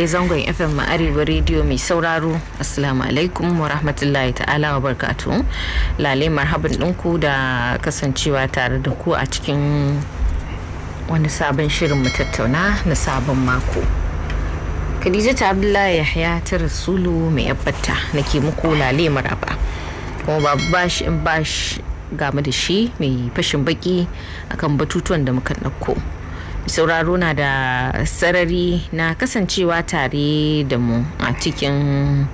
a zangon fm arewa Radio mai sauraro assalamu alaikum wa rahmatullahi ta'ala wa barkatu lale marhaban ɗinku da kasancewa tare da ku a cikin wani sabon shirin mu tattauna na sabon mako khadija ta abdullahi yahya ta rasulu mai yabbata nake muku lale maraba kuma babu bashi in bashi game da shi mai fashin baki akan batutuwan da muka ɗauko. sauraro na da sarari na kasancewa tare da mu a cikin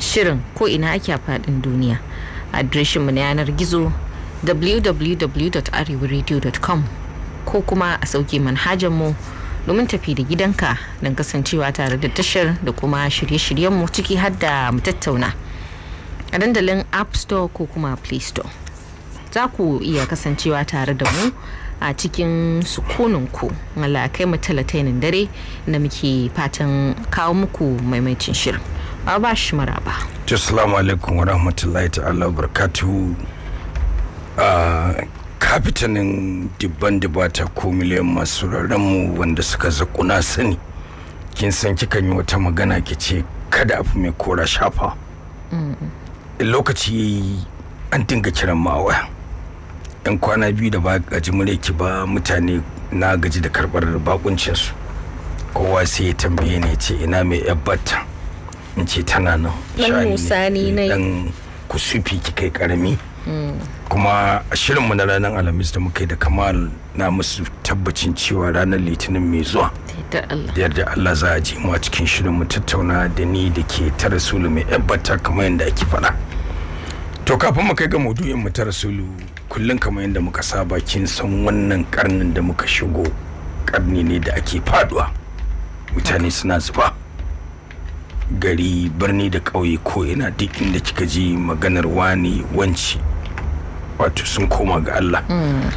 shirin ko ina ake a faɗin duniya adireshinmu na yanar gizo www.arewaradio.com ko kuma a sauke manhajarmu domin tafi da gidanka don kasancewa tare da tashar da kuma shirye-shiryenmu ciki har da mu tattauna a dandalin app store ko kuma play store za ku iya kasancewa tare da mu a cikin sukuninku Allah kai mu talatainin dare na muke fatan kawo muku maimaitin shirin ba ba shi maraba assalamu alaikum wa rahmatullahi ta'ala barakatuhu a kafitanin dibban dibata ko miliyan masu mu wanda suka zakuna sani kin san kikan yi wata magana ki ce kada abu mai kora shafa lokaci an dinga kiran ma waya 'yan kwana biyu da ba gaji mure ki ba mutane na gaji da karɓar bakuncinsu kowa sai ya tambaye ne ce ina mai yabbata in ce tana nan shani ne eh, dan kusufi ki kai karami kuma a shirinmu na ranar alhamis da muka da kamal na musu tabbacin cewa ranar litinin mai zuwa da yarda allah za a ji mu a cikin mu tattauna da ni da ke ta rasulu mai yabbata kamar yadda ake faɗa to kafin mu kai ga maudu'in mu ta rasulu. kullum kamar yadda muka saba kin san wannan karnin da muka shigo karni ne da ake faduwa mutane suna zuba gari birni da ƙauye ko yana duk inda kika ji maganar wani wanci wato sun koma ga Allah hmm,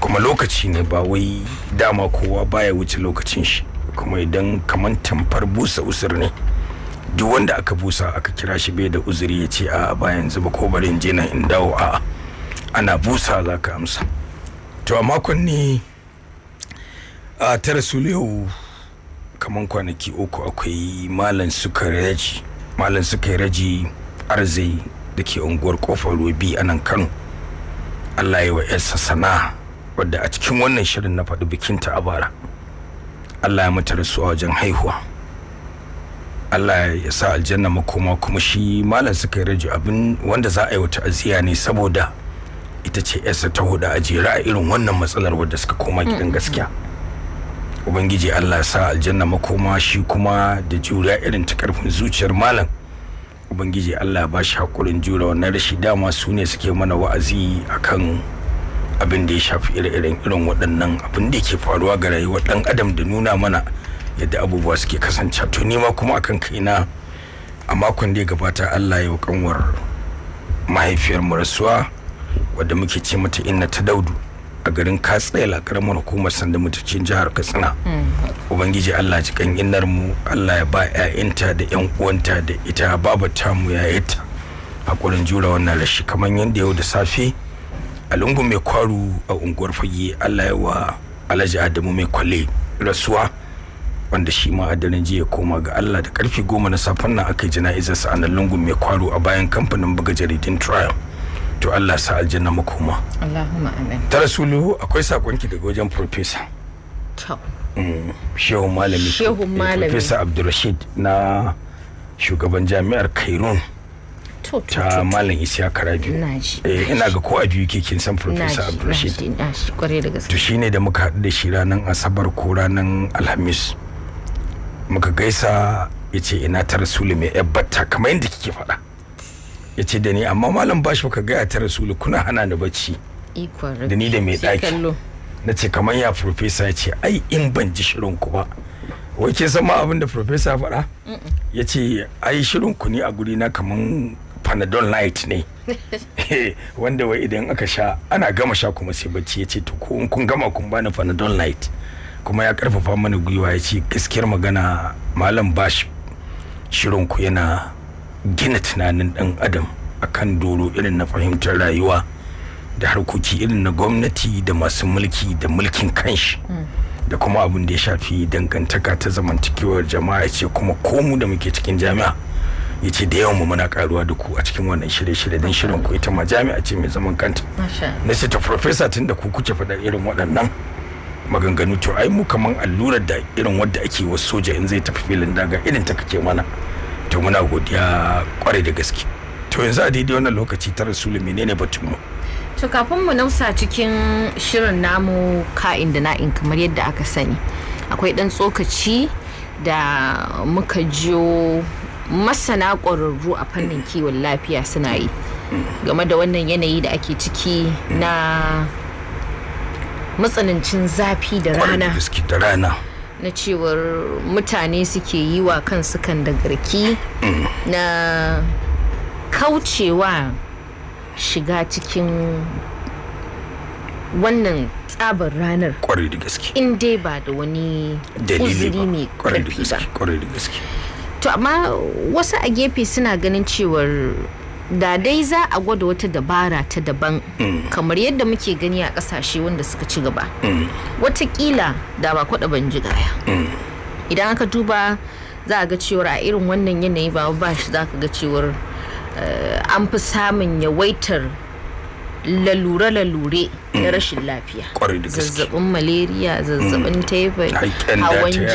kuma lokaci ne ba wai dama kowa baya wuce lokacin shi kuma idan kaman tamfar busa usur ne duk wanda aka busa aka kira shi bai da uzuri ya ce a ba zuba ba ko bari in je nan in dawo a'a ana busa za ka amsa to a makonni a tara su yau kamar kwanaki uku akwai malam suka raji malam suka raji arzai da ke unguwar kofar robi a nan kano allah ya wa yarsa sana'a wadda a cikin wannan shirin na faɗi bikinta a bara allah ya mata rasuwa wajen haihuwa allah ya sa aljanna makoma kuma shi malam suka raji abin wanda za a yi wata aziya ne saboda ita ce yarsa ta huda a jera a irin wannan matsalar wadda suka koma gidan mm. gaskiya ubangiji allah sa aljanna makoma shi kuma da juriya irin ta karfin zuciyar malam ubangiji allah ba shi hakurin jura wannan rashi dama su ne suke mana wa'azi akan abin da ya shafi ire irin waɗannan abin da ke faruwa ga rayuwar ɗan adam da nuna mana yadda abubuwa suke kasance to nima kuma akan kaina a makon da ya gabata allah ya wa kanwar mahaifiyar mu rasuwa wadda muke ce mata inna ta daudu a garin katsela karamar hukumar sanda mutucin jihar katsina ubangiji allah kan innar mu allah ya ba 'ya'yanta da 'yan uwanta da ita ta mu yayata hakurin jura wannan rashi kamar yadda yau da safe a lungu mai kwaru a unguwar fage allah ya wa alhaji adamu mai kwale rasuwa wanda shi ma adalin jiya koma ga allah da karfe goma na safen nan aka yi jana'izarsa a nan lungun mai kwaro a bayan kamfanin buga jaridin trial to Allah sa aljanna ma Allahumma amin ta rasulu akwai sakonki daga wajen professor to mm, shehu malami shehu eh, malami professor Abdulrashid na shugaban jami'ar Kairun ta malam isiya kara biyu eh, ina ga ko a biyu ke kin san professor abdulrashid to shine da muka haɗu da shi ranar asabar ko ranar alhamis muka gaisa yace ina ta rasulu mai yabbata kamar yadda kike faɗa ya ce da ni amma malam bashi ka gaya ta rasulu kuna hana ni bacci da ni da mai ɗaki na ce kamar ya profesa ya ce ai in ban ji shirin ku ba wai ke san ma abin da profesa faɗa ya ce ai shirin ku ne a guri na kamar panadol light ne eh, wanda wai idan aka sha ana gama sha kuma sai bacci ya ce to ko in kun gama kun bani panadol light kuma ya karfafa mana gwiwa ya ce gaskiyar magana malam bashi shirin ku yana gina tunanin dan adam akan doro irin na fahimtar rayuwa da harkoki irin na gwamnati da masu mulki da mulkin kanshi da kuma abin da ya shafi dangantaka ta zamantakewar jama'a ce kuma komu da muke cikin jami'a ya ce da yawan mu muna karuwa da ku a cikin wannan shirye-shirye don shirin ku ita ma jami'a ce mai zaman kanta na ce ta professor tun da ku kuke faɗa irin waɗannan maganganu to ai mu kaman allurar da irin wadda ake wasu soja in zai tafi filin daga irin ta kake mana to muna godiya kwarai da gaske to yanzu a daidai wannan lokaci ta rasulu menene batun mu to kafin mu nausa cikin shirin namu ka'in da na'in kamar yadda aka sani akwai dan tsokaci da muka jiyo masana ƙwararru a fannin kiwon lafiya suna yi game da wannan yanayi da ake ciki na matsanancin zafi da rana da rana na cewar mutane suke yi wa kansu kan da garki na kaucewa shiga cikin wannan tsabar ranar kwarai in dai ba da wani uzuri mai kwarai da gaske to amma wasu a gefe suna ganin cewar da dai za a gwada wata dabara ta daban kamar yadda muke gani a kasashe wanda suka ci gaba watakila da ba kwada ban gaya idan aka duba za a ga cewar a irin wannan yanayi ba ba shi za ka ga cewar eh, an fi samun yawaitar lalure-lalure da rashin lafiya zazzabin malaria mm. zazzabin typhoid hawan jini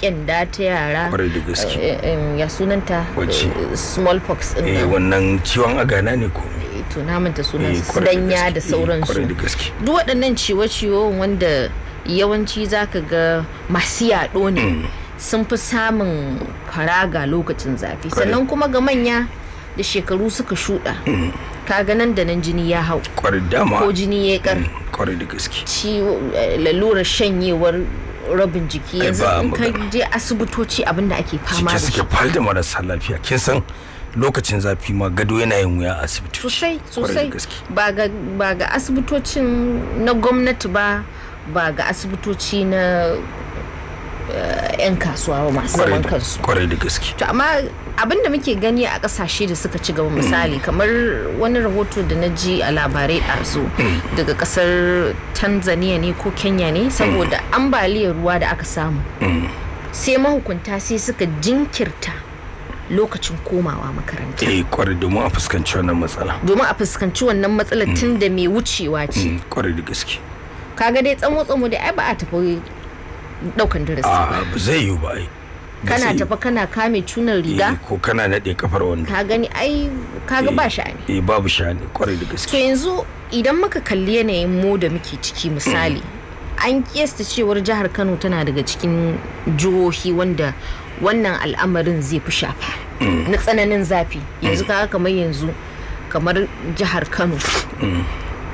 kyanda ta yara eh, eh, ya sunanta eh, smallpox din wannan ciwon agana ne ko to na manta sunan su danya da sauransu duk waɗannan ciwo-ciwo wanda yawanci zaka ga masu yaɗo ne mm. sun fi samun faraga lokacin zafi sannan kuma ga manya da shekaru suka shuɗa mm. kaga nan da nan jini ya hau ko jini ya kar mm, kwarai da gaske ciwo eh, shanyewar rabin jiki yanzu in ka je asibitoci abinda ake fama da shi suke falda marasa lafiya kin san lokacin zafi ma gado yana yin wuya asibiti sosai sosai ba ga asibitocin na gwamnati ba ba ga asibitoci na 'yan kasuwa ba masu zaman kansu kwarai da gaske to amma abin da muke gani a kasashe da suka ci gaba misali mm. kamar wani rahoto da na ji a labarai ɗazu mm. daga kasar tanzania ne ko kenya ne saboda mm. ambaliyar ruwa da aka samu sai mahukunta sai suka jinkirta lokacin komawa makaranta. Eh kwarai domin a fuskanci wannan matsala. Domin a fuskanci wannan matsala tun da mai wucewa ce. Kwarai da gaske. Kaga dai tsamo tsamo da ai ba a tafi daukan darasi a ah, ba zai yi ba kana tafa kana kame tunan riga eh, ko kana nade kafar wanda ka gani ai kaga ba eh, sha'ani eh babu sha'ani kwarai da gaske to yanzu idan muka kalli yanayin mu da muke ciki misali an kiyasta cewar jihar Kano tana daga cikin jihohi wanda wannan al'amarin zai fi shafa mm. na tsananin zafi yanzu mm. kaga kamar yanzu kamar jihar Kano mm.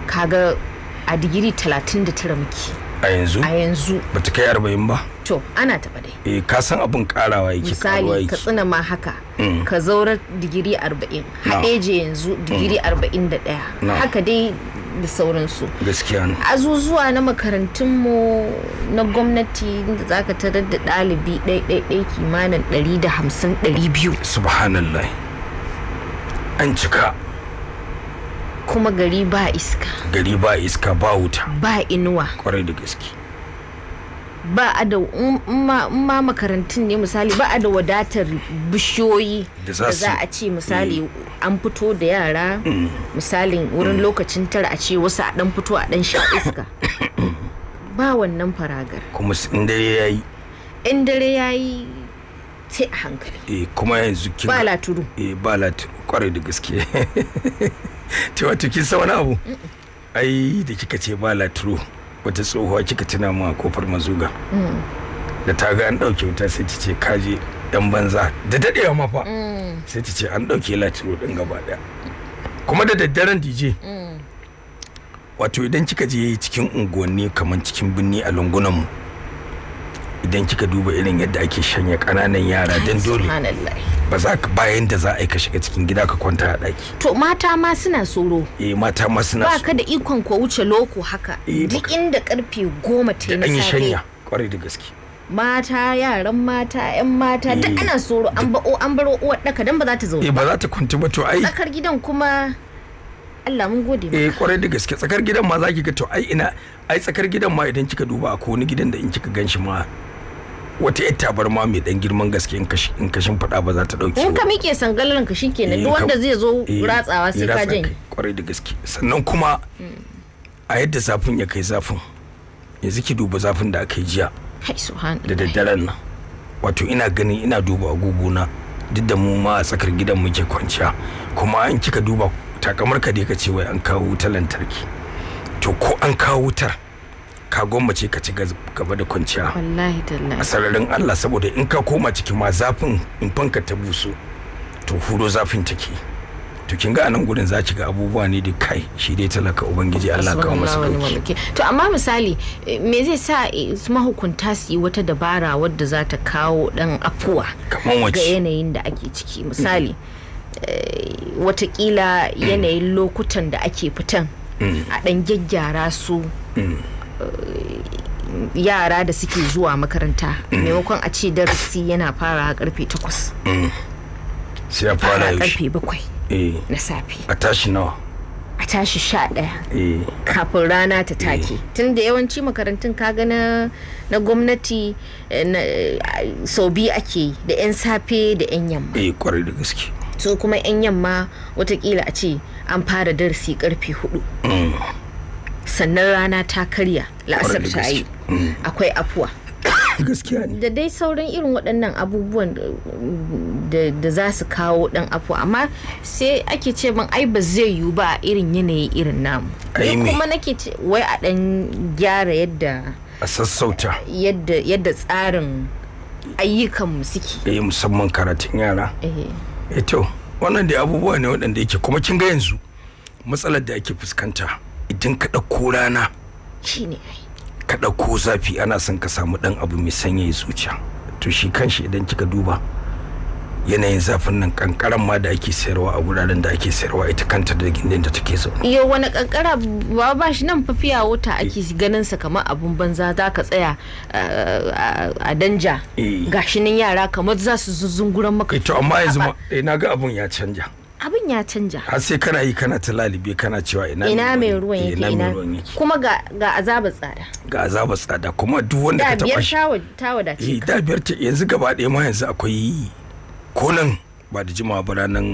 kaga a digiri 39 muke a yanzu a yanzu Ba ta kai arba'in ba to ana taba dai eh ka san abin karawa yake karawa yake misali ka ma haka mm. ka zaura digiri arba'in haɗeje yanzu mm. digiri arba'in da ɗaya haka dai da sauransu gaskiya ne azuzuwa na makarantunmu na gwamnati za zaka tarar da ɗalibi ɗaiɗaiɗai kimanin ɗari da hamsin ɗari biyu subhanallah an cika kuma gari ba iska gari ba iska ba wuta ba inuwa kwarai da gaske ba a da ma makarantun ne misali ba a da wadatar bishiyoyi da za a ce misali mm. an fito da yara mm. misalin wurin mm. lokacin tara a ce wasu a dan fito a dan sha iska ba wannan faragar kuma in dare ya yi in dare ya yi sai a hankali eh, kuma yanzu ba laturu eh, ba laturu kwarai da gaske ta wato kin sa wani abu ai da kika ce ba latro wata tsohuwa kika tuna mu a kofar mazuga mm. da ta ga an ɗauke wuta sai ta ce kaje yan banza da ma fa. Mm. sai ta ce an ɗauke latiro ɗin gaba ɗaya kuma da daddaren dj mm. wato idan kika je cikin unguwanni kamar cikin birni a lungunan mu idan kika duba irin yadda ake shanya kananan yara don dole ba za ka bayan da za a yi ka shiga cikin gida ka kwanta a ɗaki. To mata ma suna tsoro. Eh mata ma suna tsoro. Ba ka da ikon ko wuce loko haka. Eh, duk inda karfe goma ta yi an yi shanya kwarai da gaske. mata yaran mata yan mata duk eh, ana tsoro an ba'o an baro uwar daka dan ba za ta zauna eh, ba za ta kwanta ba to ai tsakar gidan kuma Allah mun gode maka eh kwarai da gaske tsakar gidan ma zaki ga to ai ina ai tsakar gidan ma idan kika duba ko wani gidan da in kika ganshi ma wata bar tabarma mai dan girman gaske in kashi in kashin fada ba za ta dauke in ka mike sangalan ka shikenan duk eh, wanda zai zo eh, ratsawa sai ka janye kwarai da gaske sannan kuma a yadda zafin ya kai zafin yanzu ki duba zafin da aka yi jiya da daddaren nan wato ina ganin ina duba agogona duk da mu ma a tsakar gidan muke kwanciya kuma in kika duba takamar ka dai ka ce wai an kawo wutar lantarki to ko an kawo wutar ka gwammace ka ci gaba da kwanciya wallahi a sararin Allah saboda in ka koma ciki ma zafin in fanka ta busu to huro zafin take to kin ga anan gurin za ki ga abubuwa ne da kai shi dai talaka ubangiji Allah ka masa dauki to amma misali eh, me zai sa eh, mahukunta su yi wata dabara wadda za ta kawo dan afuwa ga yanayin da ake ciki mm-hmm. misali eh, watakila mm-hmm. yanayin lokutan da ake fitan mm-hmm. a dan gyaggyara su yara da suke zuwa makaranta maimakon a ce darasi yana fara karfe takwas mm. sai a fara karfe bakwai eh. na safe a tashi nawa a tashi sha ɗaya eh. kafin rana ta eh. take tun da yawanci makarantun kaga na na gwamnati sau biyu ake da 'yan safe da 'yan yamma eh kwarai da gaske so kuma 'yan yamma watakila a ce an fara darasi karfe hudu mm. sannan rana ta karya la'asar ta yi mm. akwai afuwa da dai sauran irin waɗannan abubuwan da za su kawo ɗan afuwa amma sai ake ce min ai ba zai yiwu ba irin yanayi irin namu kuma nake ce wai a ɗan gyara yadda a sassauta yadda tsarin ayyukanmu suke eh musamman karatun yara eh, eh to wannan da abubuwa ne waɗanda yake kuma kin ga yanzu matsalar da ake fuskanta idan ka ɗauko rana shine ka ɗauko zafi ana son ka samu ɗan abu mai sanyaya zuciya to shi kanshi idan kika duba yanayin zafin nan kankaran ma da ake sayarwa a wuraren da ake sayarwa ita kanta da gindin da take zaune. Yo wani kankara ba ba shi nan fafiya wuta eh. ake ganin sa kamar abun banza za ka tsaya a danja eh. gashi nan yara kamar za su zunguran maka. Eh, to amma yanzu na ga abun ya canja. abin ya canja a sai kana yi kana ta lalibe kana cewa ina ina mai ruwan yake ina kuma ga ga azabar tsada ga azabar tsada kuma duk wanda ka taba shi ta wadace eh da biyar ta yanzu gaba ɗaya ma yanzu akwai konan ba da jimawa ba ranar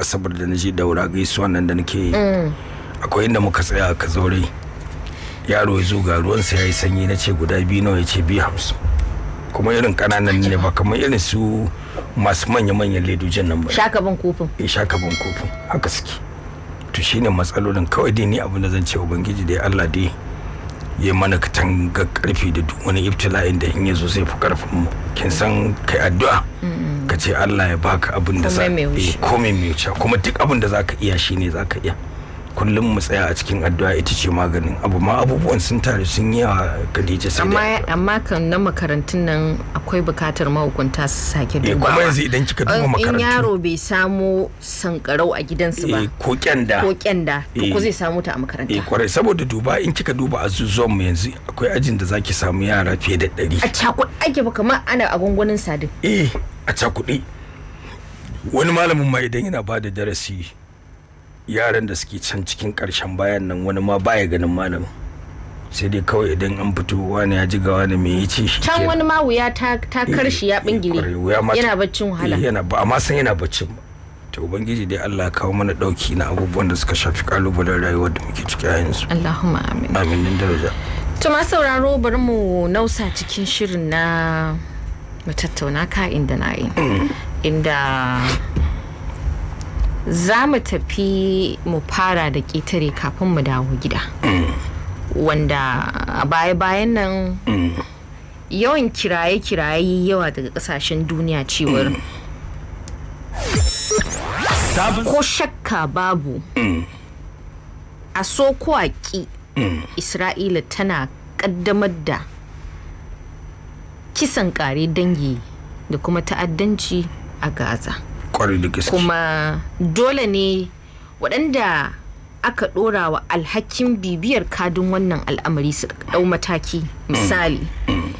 asabar da naje daura gaisuwa nan da nake yi mm. akwai inda muka tsaya ka zaure yaro ya zo ga ruwan sa yayi sanyi nace guda biyu nawa yace biyu hamsin kuma irin kananan ne ba kamar irin su masu manya-manyan ledojen nan ba shakabin kofin eh shakabin kofin haka suke to shine matsalolin kawai dai ni abin da zan ce ubangiji dai Allah dai ya mana ga karfi da duk wani ibtila'in da in yazo zai fi karfin mu kin san kai addu'a ka ce Allah ya baka abin da za ka komai mai wuce kuma duk abin da zaka iya shine zaka iya kullum mu tsaya a cikin addu'a ita ce maganin abu ma abubuwan sun taru sun yi a Khadija sai amma amma kan na makarantun nan akwai bukatar mahukunta su sake eh, dubawa kuma yanzu idan kika duba makarantu eh, in yaro bai samu sankarau a gidansu ba eh, ko kyanda ko kyanda to ko zai samu ta a makaranta eh kwarai saboda duba in kika duba azuzuwan mu yanzu akwai ajin da zaki samu yara fiye da 100 a cakuɗe ake ba kamar ana a gungunin sadin eh a cakuɗe wani malamin ma idan yana ba da darasi yaran da suke can cikin ƙarshen bayan nan wani ma baya ganin malam. sai dai kawai idan an fito wani ya ji gawa da me ya ce shi can wani ma wuya ta eh, karshe ya bingire eh, yana baccin wahala eh, yana ba amma san yana baccin ba to ubangiji dai Allah kawo mana dauki na abubuwan da suka shafi kalubalen rayuwar da muke ciki a yanzu Allahumma amin amin din daraja to ma sauraro bari mu nausa cikin shirin na mu tattauna ka inda na yi mm. inda za mu tafi mu fara da ƙetare kafin mu dawo gida wanda a baya-bayan nan yawan kiraye-kiraye yawa daga ƙasashen duniya cewar ko shakka babu a so ko a ƙi isra'ila tana ƙaddamar da kisan ƙare dangi da kuma ta'addanci a gaza kwarai da gaske kuma dole ne waɗanda aka ɗora wa alhakin bibiyar kadin wannan al'amari su ɗau mataki mm. misali mm.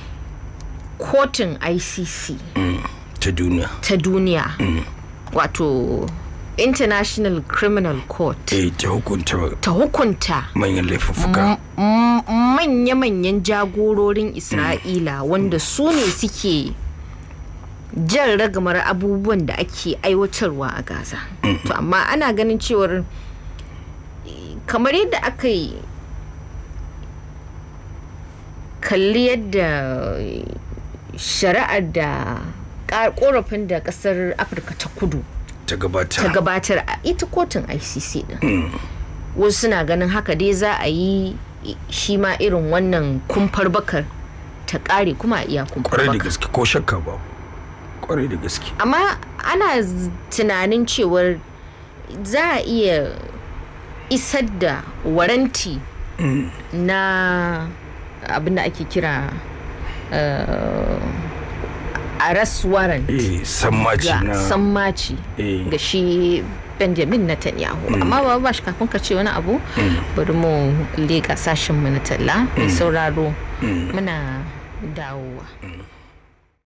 kotun icc mm. ta duniya ta duniya wato international criminal court eh ta hukunta ta hukunta manyan laifuka manya-manyan jagororin isra'ila wanda su ne suke jan ragamar abubuwan da ake aiwatarwa a gaza to mhm. amma ana ganin cewar kamar yadda aka yi kalli yadda shari'ar da korafin da kasar afirka ta kudu ta gabatar a ita kotun icc din mm. wasu suna ganin haka dai za a yi shi ma irin wannan kumfar bakar ta kare kuma a iya kumfar bakar ko shakka babu kwarai da gaske amma ana tunanin cewar za a iya isar da waranti na abin da ake kira uh, arrest warrant eh, sammaci eh. ga, shi benjamin netanyahu mm. amma ba ba shi kafin ka ce wani abu mm. bari mu lega sashen mu na talla mai mm. sauraro mm. muna dawowa